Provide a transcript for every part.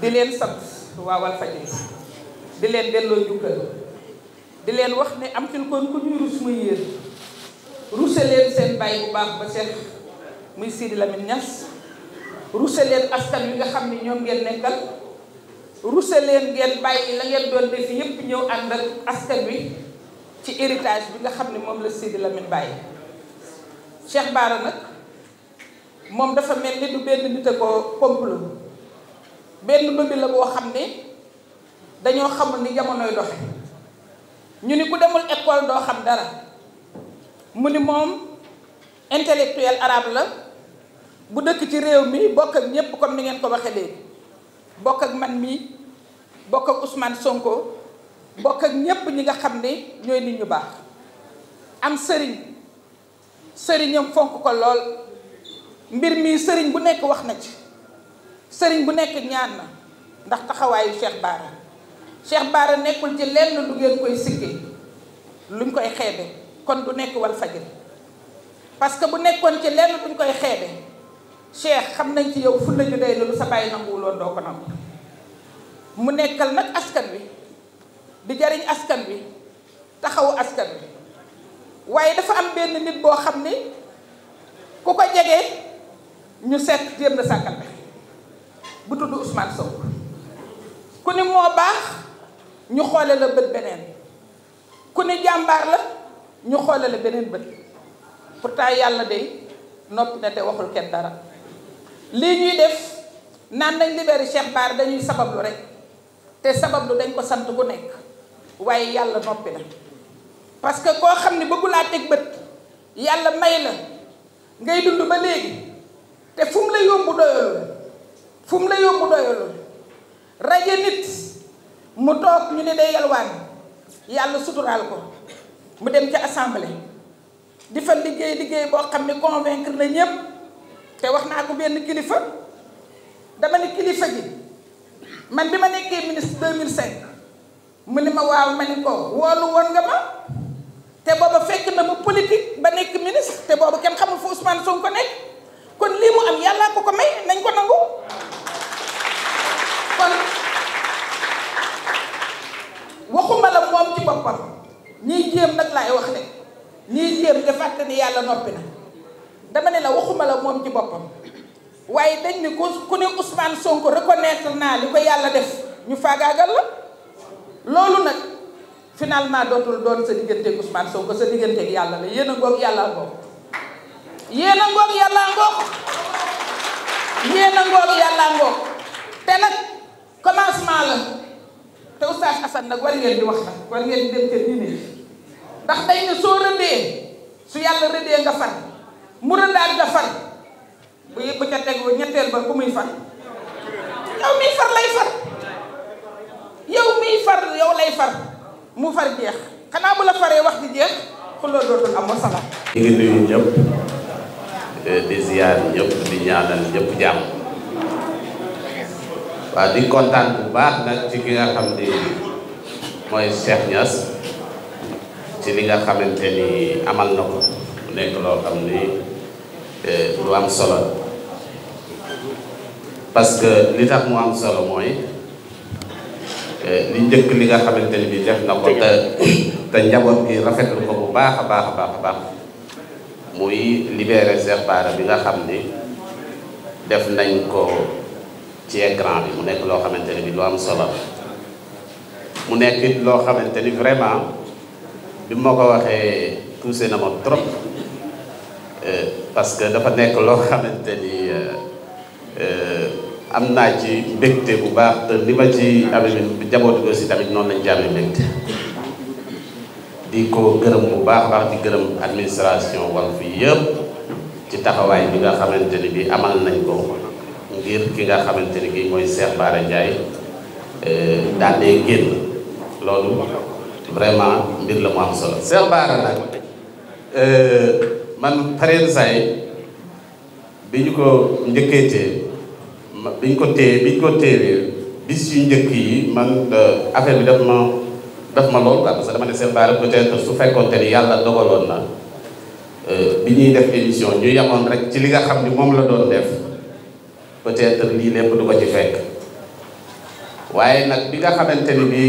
di leen sant waa Walfadjri di leen delloo njukkal di leen wax ni am ci kon ku ñuy rus muy yéen ruse seen bàyyi bu baax ba seet muy Sidi Lamine Niass ruse leen askan yi nga xam ni ñoom ngeen nekkal ruse ngeen bàyyi la ngeen doon def yépp ñëw ànd ak askan wi ci héritage bi nga xam ne moom la Sidi Lamine bàyyi Cheikh Bara nag moom dafa mel ni du benn nit a ko complot benn bëbi la boo xam ne dañoo xamul ni jamonoy doxe ñu ni ku demul école doo xam dara mu ni moom intellectuel arabe la bu dëkk ci réew mi bokk ak ñépp comme ni ngeen ko waxee léegi bokk ak man mi bokk ak Ousmane Sonko bokk ak ñépp ñi nga xam ne ñooy nit ñu baax am sëriñ sëriñam fonk ko lool mbir mi sëriñ bu nekk wax na ci sëriñ bu nekk ñaan na ndax taxawaayu Cheikh Bara Cheikh Bara nekkul ci lenn lu ngeen koy siggee luñ koy xeebe kon du nekk wal fajir parce que bu nekkoon ci lenn duñ koy xeebe Cheikh xam nañ ci yow fu lañu day lu sa bàyyi nanguwuloon doo ko nangu mu nekkal nag askan wi di jariñ askan wi taxawu askan wi waaye dafa am benn nit boo xam ni ku ko jege ñu seet jéem na sàkkal bi bu tudd Ousmane Sow ku ni moo baax ñu xoole la bët beneen ku ni jàmbaar la ñu xoole la beneen bët pourtant yàlla de noppi na te waxul kenn dara lii ñuy def naan nañ libéré Cheikh Bara dañuy sabablu rek te sabablu dañ ko sant bu nekk waaye yàlla noppi na parce que koo xam ne bëggulaa teg bët yàlla may la ngay dund ba léegi te fu la yóbbu doyalul fu mu la yóbbu doyalul rajo nit mu toog ñu ne day yalwaan yàlla suturaal ko mu dem ci assemblée di fa liggéey liggéey boo xam ne convaincre na ñëpp te wax naa ko benn kilifa dama ne kilifa gi man bi ma nekkee ministre 2005 mu ne ma waaw ma ko woolu woon nga ma te booba fekk na mu politique ba nekk ministre te booba kenn xamul fu Ousmane ko nekk kon lii mu am yàlla ko ko may nañ ko nangu kon waxuma la moom ci boppam ñiy jéem nag laay wax ne ñiy jéem de fàtte yàlla noppi na dama ne la waxuma la moom ci boppam waaye dañ ni ku ku ne Ousmane Sonko reconnaître naa li ko yàlla def ñu faagaagal la loolu nag finalement dootul doon sa digganteeg Ousmane Sonko sa digganteeg yàlla la yéen a ngoog yàlla ngoog yéen ngoog yàlla ngoog yéen a ngoog yàlla ngoog te nag commencement la te Oustaz Assane nag war di wax nag war di dem te ndax dañ ne soo rëddee su yàlla rëddee nga far mu rëddaat nga far bu yëpp ca teg ñetteel ba ku muy far yow miy far lay far yow miy far yow lay far mu far jeex xanaa bu la faree wax ji jeex xuloo dootul am wasalaam. ñu ngi nuyu di ziar ñëpp di ñaanal ñëpp jàmm waaw di kontaan bu baax nag ci ki nga xam ni mooy Cheikh Niass ci li nga xamante ni amal na ko mu nekk loo xam ni eh, lu am solo parce que li tax mu am solo mooy. li euh, njëkk li nga xamante ni bii def na ko te te njaboot gi rafetlu ko bu baax a baax a baax a baax muy libéré Cheikh Bara bi nga xam ni def nañ ko ci écran bi mu nekk loo xamante ne bii lu am solo mu nekk loo xamante ni vraiment bi ma ko waxee poussé na moom trop euh, parce que dafa nekk loo xamante ni. Euh, am naa ci mbégte bu baax te li ma ci amee jabootu aussi tamit noonu lañ ci amee mbégte di ko gërëm bu baax baax di gërëm administration Walf yëpp ci taxawaay bi nga xamante ni bi amal nañ ko ngir ki nga xamante ni bi mooy Cheikh Bara Ndiaye eh, daal dee génn loolu vraiment mbir la mu am solo Cheikh Bara nag eh, man pareen saay bi ñu ko njëkkeetee biñ ko téye biñ ko téye bis yu njëkk yi man euh, affaire bi daf ma daf ma lool quoi parce que dama ne seen baara su fekkoonte ni yàlla dogaloon na euh, bi ñuy def émission ñu yamoon rek ci li nga xam ni moom la doon def peut-être lii lépp du ko ci fekk waaye nag bi nga xamante ni bi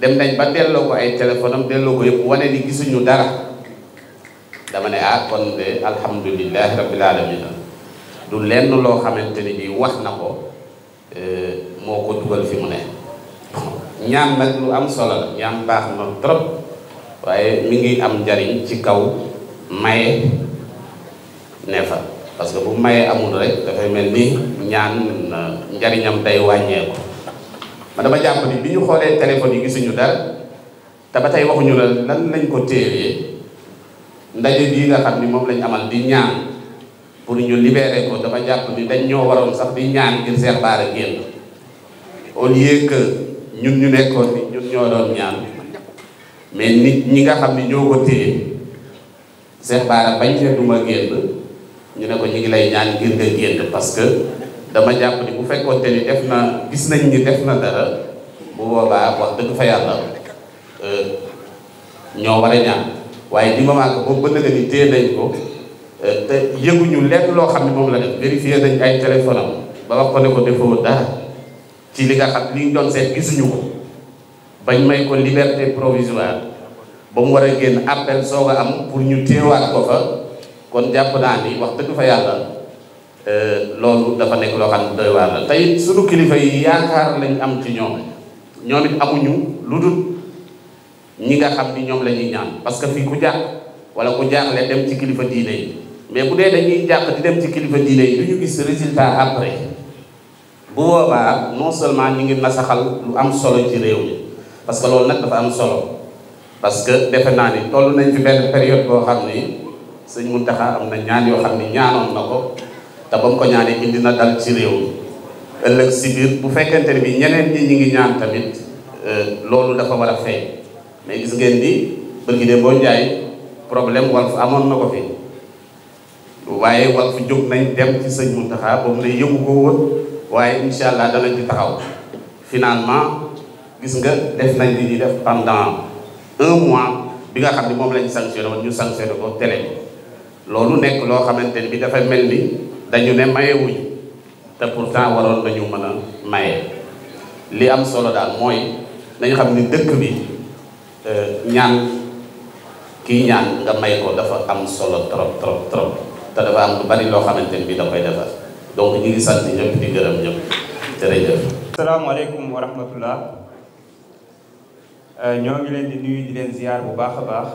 dem nañ ba delloo ko ay téléphone am delloo ko yëpp wane ni gisuñu dara dama ne ah kon de alhamdulilah rabbil alamin du lenn loo xamante ni bii wax na ko euh, moo ko dugal fi mu ne ñaan nag lu am solo la ñaan baax na trop waaye mi ngi am njariñ ci kaw maye ne fa parce que bu maye amul rek dafay mel ni ñaan njariñam day wàññeeku ma dama jàpp ni bi ñu xoolee téléphone yi gisuñu dara te ba tey waxuñu la lan lañ ko téeree ndaje bii nga xam ni moom lañ amal di ñaan pour ñu libérer ko dama jàpp ni dañ ñoo waroon sax di ñaan ngir Cheikh Bara génn au lieu que ñun ñu nekkoon bi ñun ñoo doon ñaan mais nit ñi nga xam ni ñoo ko téye Cheikh Bara bañ fee duma génn ñu ne ko ñu ngi lay ñaan ngir nga génn parce que dama jàpp ni bu fekkoonte ni def na gis nañ ni def na dara bu boobaa wax dëgg fa yàlla euh, ñoo war a ñaan waaye di moment que boobu ba nëgë ni téye nañ ko Euh, te yëguñu lenn loo xam ne moom la def vérifié nañ ay téléphone am ba wax ko ne ko defoo dara ci li nga xam li ñu gisuñu ko bañ may ko liberté provisoire ba mu war a génn appel soog a am pour ñu téewaat ko fa kon jàpp naa ni wax dëgg fa yàlla euh, loolu dafa nekk loo xam ne doy waar la tey suñu kilifa yi yaakaar lañ am ci ñoom ñoom amuñu lu dul ñi nga xam ni ñoom lañuy ñuy ñaan parce que fii ku jàq wala ku jaaxle dem ci kilifa diine yi mais bu dee dañuy jàq di dem ci kilifa diine yi du ñu gis résultat après bu boobaa non seulement ñu ngi nasaxal lu am solo ci réew mi parce que loolu nag dafa am solo parce que defe naa ni toll nañ fi benn période boo xam ni sëñ Muntaxa am na ñaan yoo xam ni ñaanoon na te ba ko ñaanee indi na dal ci réew mi si biir bu fekkente ne bi ñeneen ñi ñu ngi ñaan tamit euh, loolu dafa war a feeñ mais gis ngeen ni bërgi de boo njaay problème wal amoon na ko fi waaye wal fu jóg nañ dem ci sëñ Mountakha ba mu ne yëgu ko woon waaye incha allah danañ ci taxaw finalement gis nga def nañ li ñuy def pendant un mois bi nga xam ne moom lañ sanctionné woon ñu sanctionné ko télé loolu nekk loo xamante ni bi dafa mel ni dañu ne mayewuñu te pourtant waroon lañu mën a maye li am solo daal mooy nañu xam ni dëkk bi euh, ñaan kii ñaan nga may ko dafa am solo trop trop trop te dafa am lu bari loo xamante ni bi da koy defar donc ñu ngi sant ñëpp di gërëm ñëpp jërëjëf. asalaamaaleykum wa rahmatullah euh, ñoo ngi leen di nuyu di leen ziar bu baax a baax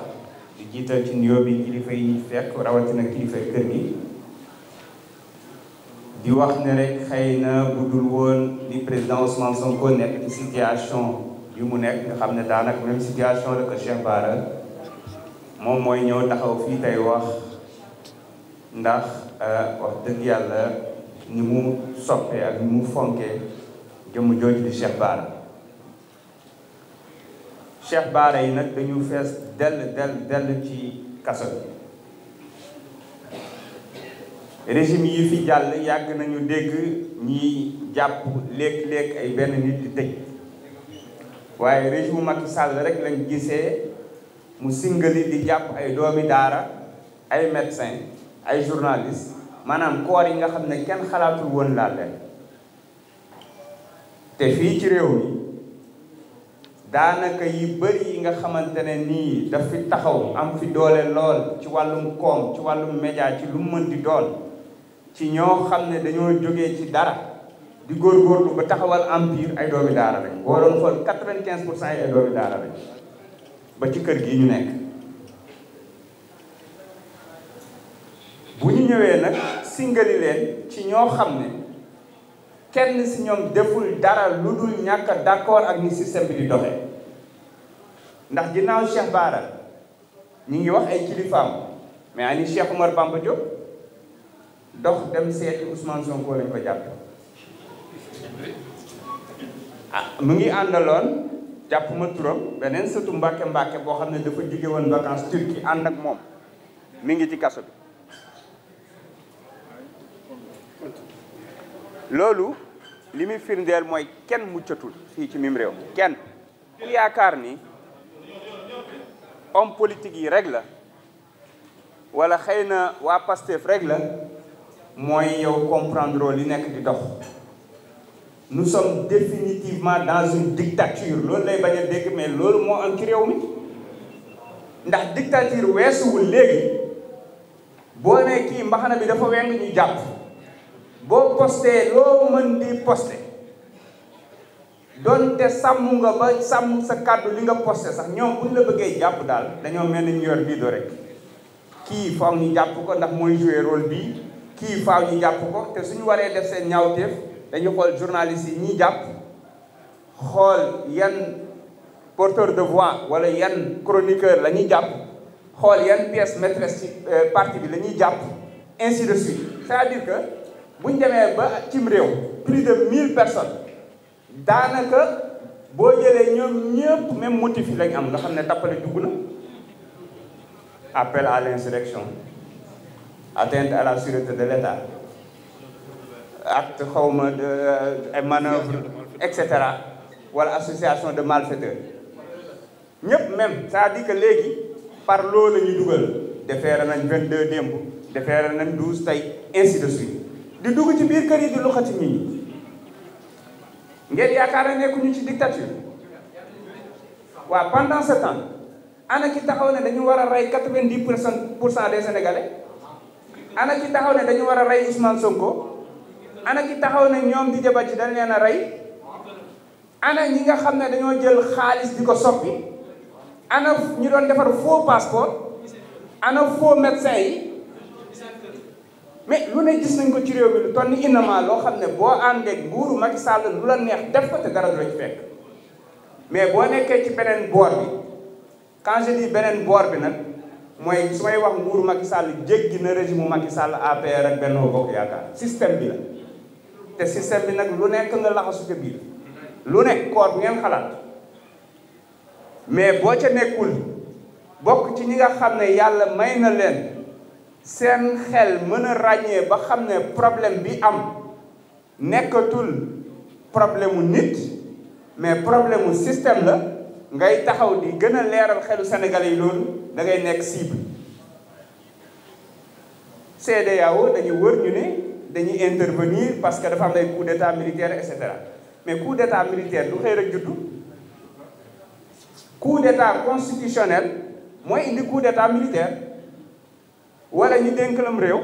di jiital ci nuyoo bi kilifa yi fekk rawatina kilifa kër gi. di wax ne rek xëy na bu dul woon ni président Ousmane Sonko nekk ci situation yu mu nekk nga xam ne daanaka même situation la que Cheikh Bara moom mooy ñëw taxaw fii tey wax. ndax euh, wax dëgg yàlla ni mu soppee ak ni mu fonkee jëmm jooju di Cheikh Bara Cheikh Bara yi nag dañu fees dell dell dell ci kaso bi régime yi fi jàll yàgg nañu dégg ñiy jàpp léeg-léeg ay benn nit di tëj waaye régime Macky Sall rek lañ gisee mu singali di jàpp ay doomi daara ay médecin ay journaliste maanaam koor yi nga xam ne kenn xalaatul woon laal leen te fii ci réew mi daanaka yi bëri yi nga xamante ne nii daf fi taxaw am fi doole lool ci wàllum koom ci wàllum média ci lu mën di doon ci ñoo xam ne dañoo jógee ci dara di góorgóorlu ba taxawal empire ay doomi daara rek boo doon xool quatre-vingt-quinze pour cent ay doomi daara rek ba ci kër gi ñu nekk bu ñu ñëwee nag singali leen ci ñoo xam ne kenn si ñoom deful dara lu dul ñàkk a d'accord ak ni système bi di doxee ndax ginnaaw Cheikh Bara ñu ngi wax ay kilifaam mais ani Cheikh Omar Bamba Diop dox dem seeti Ousmane Sonko lañ ko jàpp ah mu ngi àndaloon jàpp ma turam beneen sëtu Mbàkke Mbàkke boo xam ne dafa jóge woon vacances Turquie ànd ak moom mi ngi ci kaso bi loolu li muy firndeel mooy kenn muccatul fii ci mim réew kenn ku yaakaar ni homme politique yi rek la wala xëy na waa Pastef rek la mooy yow comprendre li nekk di dox nous sommes définitivement dans une dictature loolu lay bañ a dégg mais loolu moo am ci réew mi ndax dictature weesuwul léegi boo ne kii mbaxana bi dafa weng ñu jàpp boo postee loo mën di poste donte sàmm nga ba sàmm sa kàddu li nga poste sax ñoom buñ la bëggee jàpp daal dañoo mel ni ñu yor bii do rek kii faaw ñu jàpp ko ndax mooy joué rôle bii kii faaw ñu jàpp ko te suñu waree def seen ñaawteef dañu xool journaliste yi ñuy jàpp xool yan porteur de voix wala yan chroniqueur la ñuy jàpp xool yan pièce maîtresse ci euh, parti bi lañuy jàpp ainsi de suite c'est-à-dire que bu ñu demee ba cim réew plus de mille personnes daanaka boo jëlee ñoom ñëpp même motif yi lañ am nga xam ne tappale dugg na appel à l'insurrection atteinte à la sûreté de l'État acte xawma de euh, manœuvre et cetera wala association de malfaiteurs ñëpp même saa à léegi par loolu la ñuy dugal defeere nañ vingt deux démb defeere nañ douze tey ainsi de di dugg ci biir kër yi di luxati nit ñi ngeen yaakaar ne nekkuñu ci dictature waaw pendant ce temps ana ki taxaw ne dañu war a rey quatre-vingt-dix pour cent pour cent des sénégalais ana ki taxaw ne dañu war a rey Ousmane Sonko ana ki taxaw na ñoom di jabar ci dañ leen a rey ana ñi nga xam ne dañoo jël xaalis di ko soppi ana ñu doon defar faux passeport ana faux médecin yi mais lu ne gis nañ ko ci réew mi lu toll ni loo xam ne boo àndeek nguuru Macky Sall lu la neex def ko te dara du fekk mais boo nekkee ci beneen boor bi quand je beneen boor bi nag mooy su may wax nguuru Macky Sall jéggi na régime Macky Sall APR ak Benno Bokk Yaakaar système bi la te système bi nag lu nekk nga laxasu ca biir lu nekk koor ngeen xalaat mais boo ca nekkul bokk ci ñi nga xam ne yàlla may na leen seen xel mën a ràññee ba xam ne problème bi am nekkatul problème mu nit mais problème mu système la ngay taxaw di gën a leeral xelu Sénégalais yi loolu da ngay nekk cible. CEDEAO dañu wër ñu ne dañuy intervenir parce que dafa am ay coup d'état militaire et cetera mais coup d'état militaire du xëy rek juddu coup d'état constitutionnel mooy indi coup d'état militaire. wala ñu dénk lam réew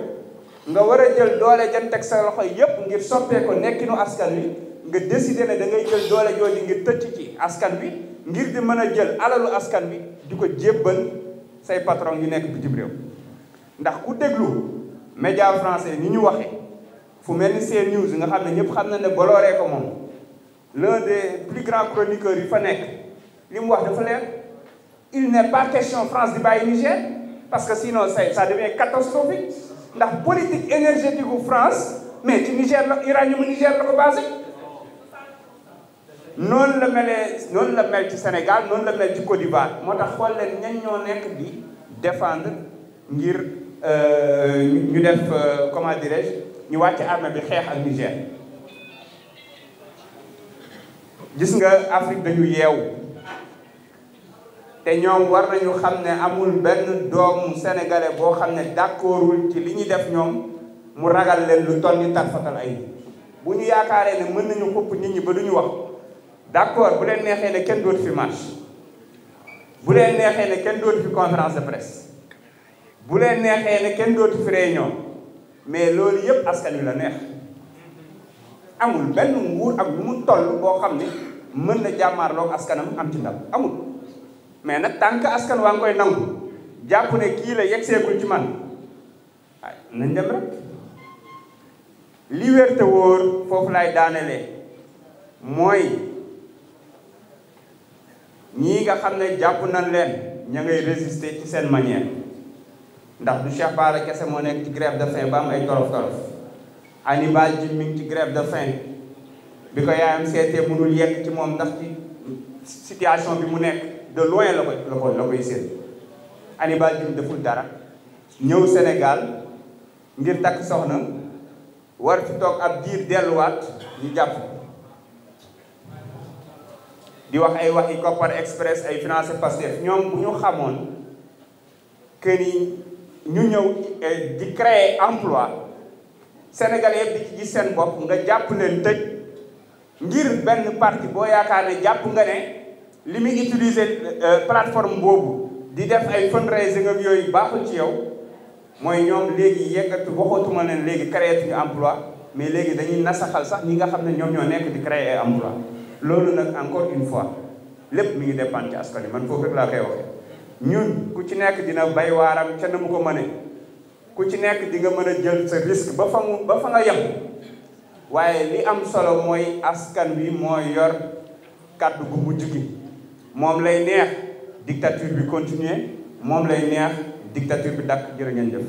nga war a jël doole ja teg sa loxo yépp ngir soppee ko nekkinu askan wi nga décidé ne da ngay jël doole jooju ngir tëcc ci askan wi ngir di mën a jël alalu askan wi di ko jébbal say patron yu nekk bitim réew ndax ku déglu média français ni ñu waxee fu mel ni seen news nga xam ne ñëpp xam na ne Bolloré ko moom l'un de plus grands chroniqueurs yi fa nekk li mu wax dafa leer il n'est pas France di bàyyi Niger parce que sinon ça ça devient catastrophique ndax politique énergétique gu France mais ci Niger la uranium Niger la ko basé noonu la melee noonu la mel ci Sénégal noonu la mel ci Côte d'Ivoire moo tax xool leen ñan ñoo nekk bi défendre ngir euh, ñu def euh, comment dirais ñu wàcc armée bi xeex ak Niger gis nga Afrique dañu yeewu. te ñoom war nañu xam ne amul benn doomu sénégalais boo xam ne d'accordul ci li ñuy def ñoom mu ragal leen lu toll ni tarfatal ay bu ñu yaakaaree ne mën nañu xupp nit ñi ba du ñu wax d'accord bu leen neexee ne kenn dootu fi marche bu leen neexee ne kenn dootu fi conférence de presse bu leen neexee ne kenn dootu fi ñoom mais loolu yëpp askan wi la neex amul benn nguur ak lu mu toll boo xam ne mën na jàmmaarlook askanam am ci ndam amul mais nag tant que askan waa ngi koy nangu jàpp ne kii la yegseegul ci man ay nañ dem rek li wér wóor foofu laay daanelee mooy ñii nga xam ne jàpp nañ leen ña ngay résister ci seen manière ndax du Cheikh Bara kese moo nekk ci grève de faim ba am ay torof torof animal ji mi ngi ci grève de faim bi ko yaayam seetee mënul yegg ci moom ndax ci situation bi mu nekk de loin la koy la koy la koy séen deful dara ñëw Sénégal ngir takk soxna war ci toog ab diir delluwaat ñu jàpp di wax ay waxi Kopar Express ay financé Pastef ñoom bu ñu xamoon que ni ñu ñëw eh, di créer emploi sénégalais yëpp bi ci gis seen bopp nga jàpp leen tëj ngir benn parti boo yaakaar ne jàpp nga ne li muy utiliser euh, plateforme boobu di def ay fundraising ak yooyu baaxul ci yow mooy ñoom léegi yeggatu waxatuma leen léegi créer ñu emploi mais léegi dañuy nasaxal sax ñi nga xam ne ñoom ñoo nekk di créer ay emploi loolu nag encore une fois lépp mi ngi dépendre ci askan wi man foofu rek laa koy waxee ñun ku ci nekk dina bay waaram ca mu ko mënee ku ci nekk di nga mën a jël sa risque ba fa mu ba fa nga yem waaye li am solo mooy askan wi moo yor kàddu gu mujj gi moom lay neex dictature bi continuer moom lay neex dictature bi dàkk jërë ngeen jëf